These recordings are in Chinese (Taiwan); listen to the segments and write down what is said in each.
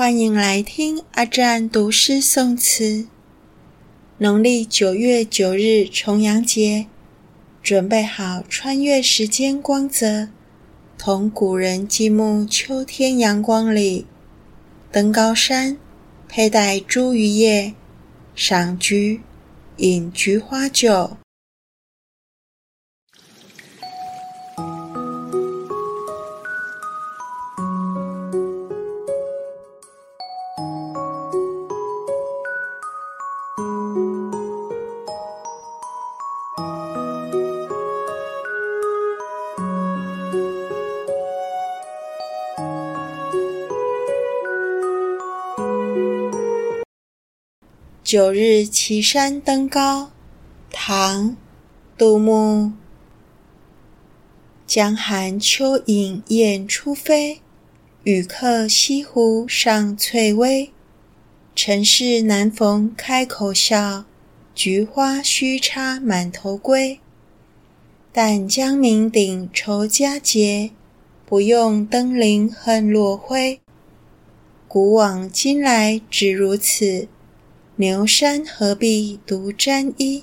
歡迎來聽阿占讀詩宋詞。農曆九月九日重陽節，準備好穿越時間光澤，同古人進入秋天陽光裡，登高山，佩戴茱萸葉，賞菊，飲菊花酒。九日齊山登高，唐·杜牧。江涵秋影雁初飛，與客攜壺上翠微。塵世難逢開口笑，菊花須插滿頭歸。但將酩酊酬佳節，不用登臨恨落暉。古往今來只如此，牛山何必獨沾衣？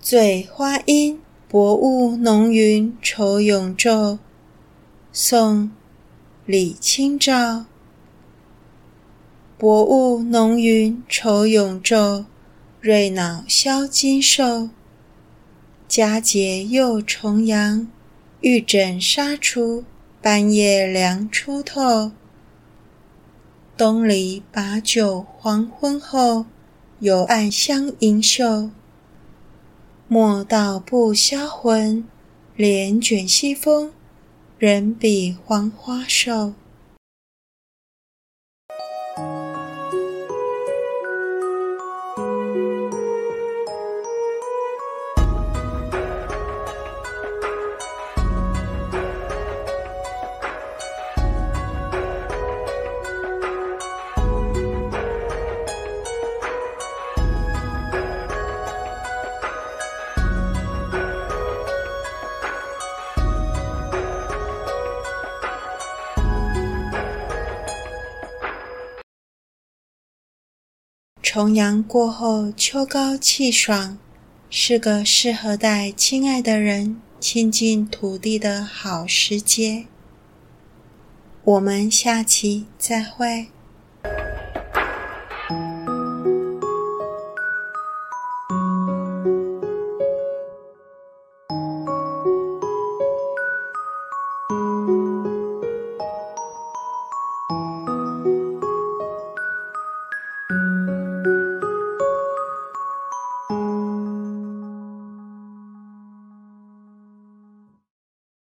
醉花陰，薄霧濃雲愁永晝。宋，李清照。薄霧濃雲愁永晝，瑞腦消金獸。佳節又重陽，玉枕紗廚，半夜涼初透。東籬把酒黃昏後，有暗香盈袖。莫道不銷魂，簾卷西風，人比黃花瘦。重陽過後，秋高氣爽，是個適合帶親愛的人親近土地的好時節。我們下期再會。